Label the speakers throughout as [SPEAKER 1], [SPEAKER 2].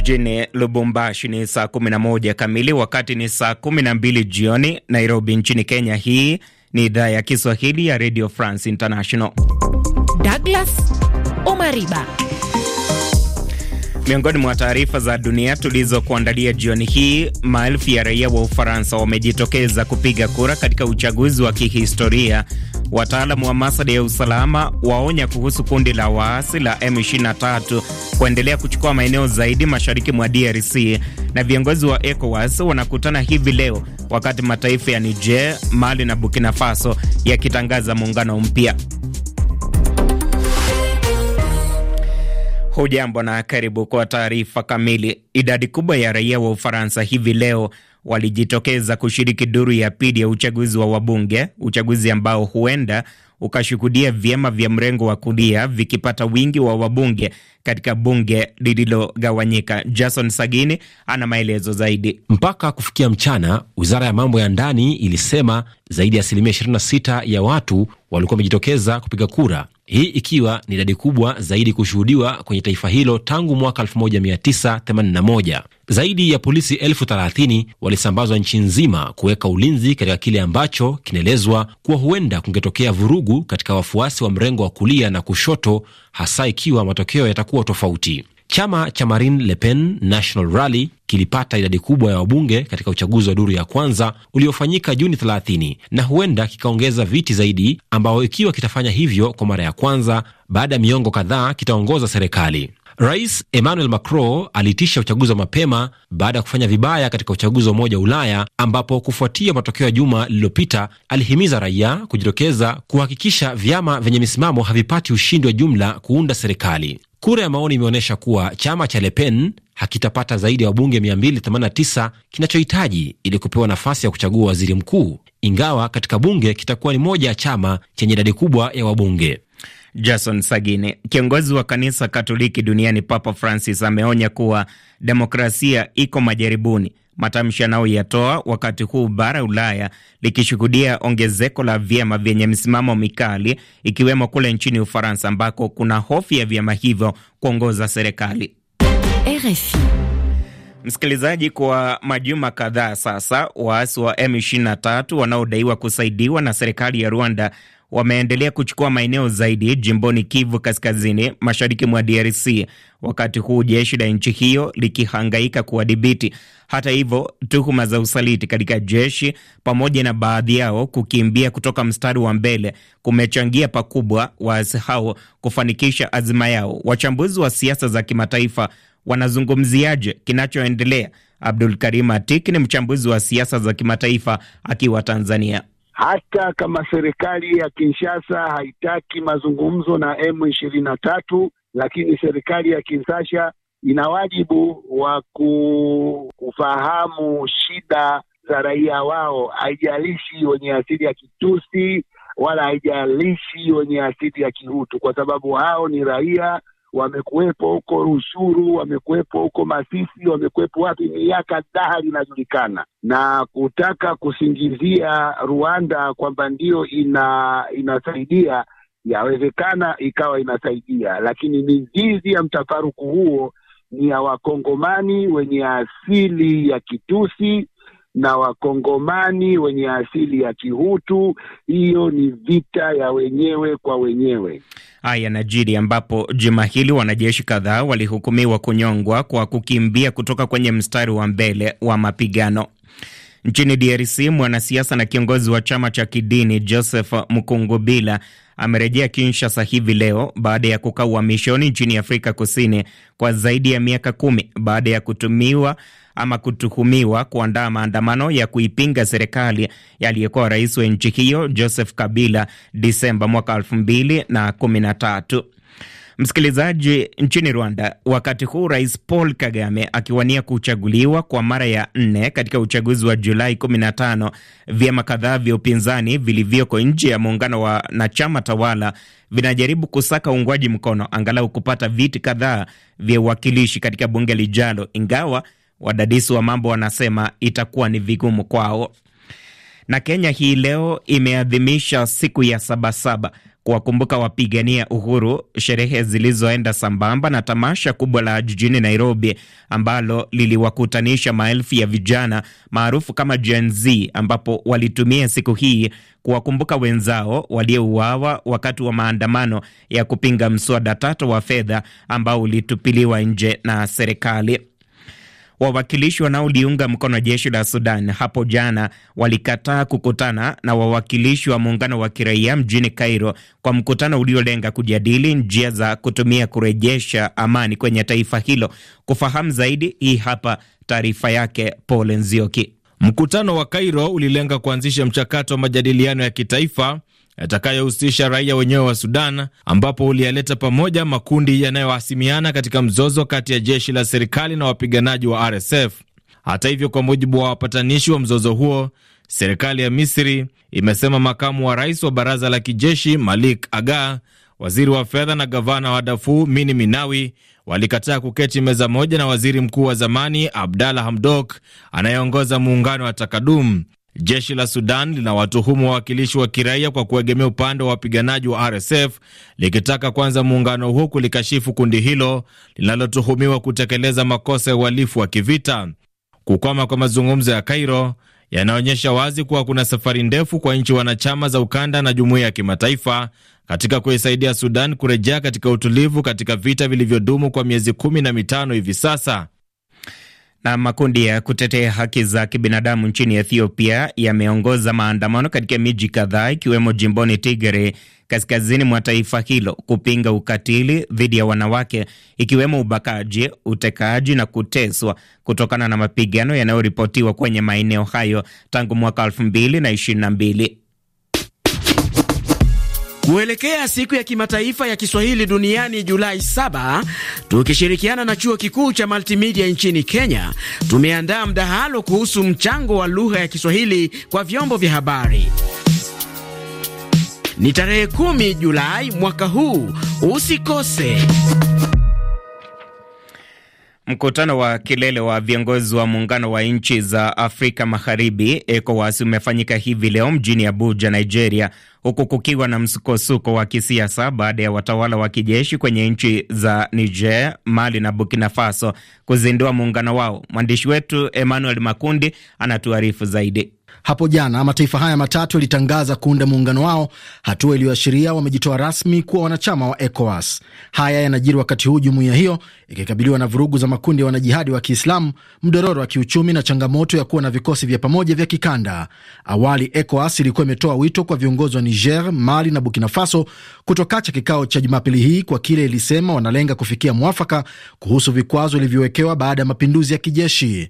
[SPEAKER 1] jijini Lubumbashi ni saa 11 kamili, wakati ni saa 12 jioni Nairobi nchini Kenya. Hii ni idhaa ya Kiswahili ya Radio France International. Douglas Omariba, miongoni mwa taarifa za dunia tulizokuandalia jioni hii, maelfu ya raia wa Ufaransa wamejitokeza kupiga kura katika uchaguzi wa kihistoria Wataalamu wa masuala ya usalama waonya kuhusu kundi la waasi la M23 kuendelea kuchukua maeneo zaidi mashariki mwa DRC, na viongozi wa ECOWAS wanakutana hivi leo wakati mataifa ya Niger, Mali na Burkina Faso yakitangaza muungano mpya. Hujambo na karibu kwa taarifa kamili. Idadi kubwa ya raia wa Ufaransa hivi leo walijitokeza kushiriki duru ya pili ya uchaguzi wa wabunge, uchaguzi ambao huenda ukashuhudia vyama vya mrengo wa kulia vikipata wingi wa wabunge katika bunge lililogawanyika.
[SPEAKER 2] Jason Sagini ana maelezo zaidi. Mpaka kufikia mchana, wizara ya mambo ya ndani ilisema zaidi ya asilimia 26 ya watu walikuwa wamejitokeza kupiga kura, hii ikiwa ni idadi kubwa zaidi kushuhudiwa kwenye taifa hilo tangu mwaka 1981. Zaidi ya polisi elfu thelathini walisambazwa nchi nzima kuweka ulinzi katika kile ambacho kinaelezwa kuwa huenda kungetokea vurugu katika wafuasi wa mrengo wa kulia na kushoto, hasa ikiwa matokeo yatakuwa tofauti. Chama cha Marine Le Pen National Rally kilipata idadi kubwa ya wabunge katika uchaguzi wa duru ya kwanza uliofanyika Juni 30 na huenda kikaongeza viti zaidi, ambao ikiwa kitafanya hivyo kwa mara ya kwanza baada ya miongo kadhaa kitaongoza serikali. Rais Emmanuel Macron aliitisha uchaguzi wa mapema baada ya kufanya vibaya katika uchaguzi wa Umoja wa Ulaya, ambapo kufuatia matokeo ya juma lililopita alihimiza raia kujitokeza kuhakikisha vyama vyenye misimamo havipati ushindi wa jumla kuunda serikali. Kura ya maoni imeonyesha kuwa chama cha Le Pen hakitapata zaidi ya wabunge 289 kinachohitaji ili kupewa nafasi ya kuchagua waziri mkuu, ingawa katika bunge kitakuwa ni moja ya chama chenye idadi kubwa ya wabunge.
[SPEAKER 1] Jason Sagini. Kiongozi wa kanisa Katoliki duniani Papa Francis ameonya kuwa demokrasia iko majaribuni, matamshi anayoyatoa wakati huu bara Ulaya likishuhudia ongezeko la vyama vyenye msimamo mikali, ikiwemo kule nchini Ufaransa ambako kuna hofu ya vyama hivyo kuongoza serikali. RFI. Msikilizaji, kwa majuma kadhaa sasa, waasi wa M23 wanaodaiwa kusaidiwa na serikali ya Rwanda wameendelea kuchukua maeneo zaidi jimboni Kivu Kaskazini, mashariki mwa DRC, wakati huu jeshi la nchi hiyo likihangaika kuwadhibiti. Hata hivyo, tuhuma za usaliti katika jeshi pamoja na baadhi yao kukimbia kutoka mstari wa mbele kumechangia pakubwa waasi hao kufanikisha azima yao. Wachambuzi wa siasa za kimataifa wanazungumziaje kinachoendelea? Abdul Karim atik ni mchambuzi wa siasa za kimataifa akiwa Tanzania
[SPEAKER 3] hata kama serikali ya Kinshasa haitaki mazungumzo na m tatu lakini serikali ya Kinshasa ina wajibu wa kufahamu shida za raia wao, haijalishi wenye asili ya Kitusi wala haijalishi wenye asili ya Kihutu, kwa sababu hao ni raia wamekuwepo huko Rushuru, wamekuwepo huko Masisi, wamekuwepo wapi, miaka dahari inajulikana, na kutaka kusingizia Rwanda kwamba ndio ina inasaidia, yawezekana ikawa inasaidia, lakini mizizi ya mtafaruku huo ni ya Wakongomani wenye asili ya Kitusi na Wakongomani wenye asili ya Kihutu. Hiyo ni vita ya wenyewe kwa wenyewe.
[SPEAKER 1] Haya yanajiri ambapo juma hili wanajeshi kadhaa walihukumiwa kunyongwa kwa kukimbia kutoka kwenye mstari wa mbele wa mapigano. Nchini DRC, mwanasiasa na kiongozi wa chama cha kidini Joseph Mukungubila amerejea Kinshasa hivi leo baada ya kukaa uhamishoni nchini Afrika Kusini kwa zaidi ya miaka kumi baada ya kutumiwa ama kutuhumiwa kuandaa maandamano ya kuipinga serikali aliyekuwa rais wa nchi hiyo Joseph Kabila Disemba mwaka elfu mbili na kumi na tatu. Msikilizaji, nchini Rwanda, wakati huu Rais Paul Kagame akiwania kuchaguliwa kwa mara ya nne katika uchaguzi wa Julai 15, vyama kadhaa vya upinzani vilivyoko nje ya muungano wa na chama tawala vinajaribu kusaka uungwaji mkono angalau kupata viti kadhaa vya uwakilishi katika bunge lijalo, ingawa wadadisi wa mambo wanasema itakuwa ni vigumu kwao. Na Kenya hii leo imeadhimisha siku ya Sabasaba kuwakumbuka wapigania uhuru, sherehe zilizoenda sambamba na tamasha kubwa la jijini Nairobi ambalo liliwakutanisha maelfu ya vijana maarufu kama Gen Z, ambapo walitumia siku hii kuwakumbuka wenzao waliouawa wakati wa maandamano ya kupinga mswada tata wa fedha ambao ulitupiliwa nje na serikali. Wawakilishi wanaoliunga mkono jeshi la Sudan hapo jana walikataa kukutana na wawakilishi wa muungano wa kiraia mjini Cairo kwa mkutano uliolenga kujadili njia za kutumia kurejesha amani kwenye taifa hilo. Kufahamu zaidi, hii hapa taarifa yake Paul Nzioki. Mkutano wa Cairo ulilenga kuanzisha
[SPEAKER 4] mchakato wa majadiliano ya kitaifa yatakayohusisha raia wenyewe wa Sudan, ambapo uliyaleta pamoja makundi yanayohasimiana katika mzozo kati ya jeshi la serikali na wapiganaji wa RSF. Hata hivyo, kwa mujibu wa wapatanishi wa mzozo huo, serikali ya Misri imesema makamu wa rais wa baraza la kijeshi Malik Aga, waziri wa fedha na gavana wa dafu Mini Minawi walikataa kuketi meza moja na waziri mkuu wa zamani Abdalla Hamdok anayeongoza muungano wa Takadum. Jeshi la Sudan linawatuhumu wawakilishi wa kiraia kwa kuegemea upande wa wapiganaji wa RSF likitaka kwanza muungano huu kulikashifu kundi hilo linalotuhumiwa kutekeleza makosa ya uhalifu wa kivita. Kukwama kwa mazungumzo ya Kairo yanaonyesha wazi kuwa kuna safari ndefu kwa nchi wanachama za ukanda na jumuiya ya kimataifa katika kuisaidia Sudan kurejea katika utulivu katika vita vilivyodumu kwa miezi kumi na mitano hivi sasa.
[SPEAKER 1] Na makundi ya kutetea haki za kibinadamu nchini Ethiopia yameongoza maandamano katika miji kadhaa ikiwemo jimboni Tigre kaskazini mwa taifa hilo kupinga ukatili dhidi ya wanawake ikiwemo ubakaji, utekaji na kuteswa kutokana na mapigano yanayoripotiwa kwenye maeneo hayo tangu mwaka 2022.
[SPEAKER 4] Kuelekea siku ya kimataifa ya Kiswahili duniani Julai saba, tukishirikiana na chuo kikuu cha Multimedia nchini Kenya, tumeandaa mdahalo kuhusu mchango wa lugha ya Kiswahili kwa vyombo vya habari. Ni tarehe 10 Julai mwaka huu, usikose.
[SPEAKER 1] Mkutano wa kilele wa viongozi wa muungano wa nchi za Afrika Magharibi ECOWAS umefanyika hivi leo mjini Abuja, Nigeria, huku kukiwa na msukosuko wa kisiasa baada ya watawala wa kijeshi kwenye nchi za Niger, Mali na Burkina Faso kuzindua muungano wao. Mwandishi wetu Emmanuel Makundi anatuarifu zaidi.
[SPEAKER 2] Hapo jana mataifa haya matatu yalitangaza kuunda muungano wao, hatua iliyoashiria wamejitoa rasmi kuwa wanachama wa ECOWAS. Haya yanajiri wakati huu jumuiya hiyo ikikabiliwa na vurugu za makundi ya wanajihadi wa Kiislamu, mdororo wa kiuchumi na changamoto ya kuwa na vikosi vya pamoja vya kikanda. Awali ECOWAS ilikuwa imetoa wito kwa viongozi wa Niger, Mali na Burkina Faso kutokacha kikao cha Jumapili hii kwa kile ilisema wanalenga kufikia mwafaka kuhusu vikwazo vilivyowekewa baada ya mapinduzi ya kijeshi.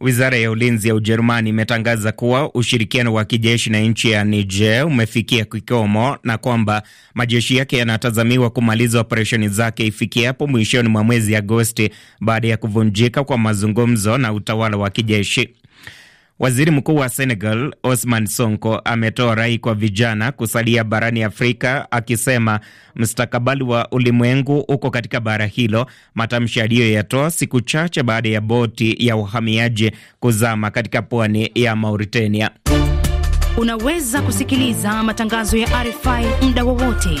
[SPEAKER 1] Wizara ya ulinzi ya Ujerumani imetangaza kuwa ushirikiano wa kijeshi na nchi ya Niger umefikia kikomo na kwamba majeshi yake yanatazamiwa kumaliza operesheni zake ifikiapo mwishoni mwa mwezi Agosti baada ya kuvunjika kwa mazungumzo na utawala wa kijeshi. Waziri mkuu wa Senegal Osman Sonko ametoa rai kwa vijana kusalia barani Afrika, akisema mstakabali wa ulimwengu uko katika bara hilo, matamshi aliyoyatoa siku chache baada ya boti ya uhamiaji kuzama katika pwani ya Mauritania.
[SPEAKER 3] Unaweza kusikiliza matangazo ya RFI muda wowote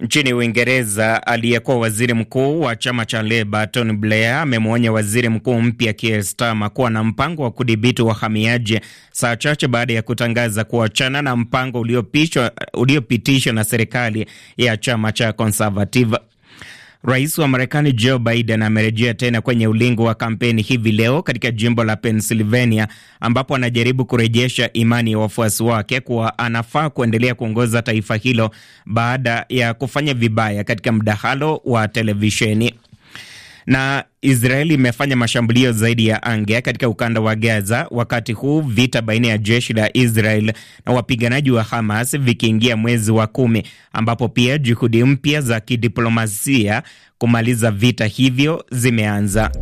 [SPEAKER 1] Nchini Uingereza, aliyekuwa waziri mkuu wa chama cha Leba Tony Blair amemwonya waziri mkuu mpya Keir Starmer kuwa na mpango wa kudhibiti wahamiaji saa chache baada ya kutangaza kuachana na mpango uliopitishwa na serikali ya chama cha Conservative. Rais wa Marekani Joe Biden amerejea tena kwenye ulingo wa kampeni hivi leo katika jimbo la Pennsylvania, ambapo anajaribu kurejesha imani ya wafuasi wake kuwa anafaa kuendelea kuongoza taifa hilo baada ya kufanya vibaya katika mdahalo wa televisheni na Israeli imefanya mashambulio zaidi ya anga katika ukanda wa Gaza, wakati huu vita baina ya jeshi la Israel na wapiganaji wa Hamas vikiingia mwezi wa kumi, ambapo pia juhudi mpya za kidiplomasia kumaliza vita hivyo zimeanza.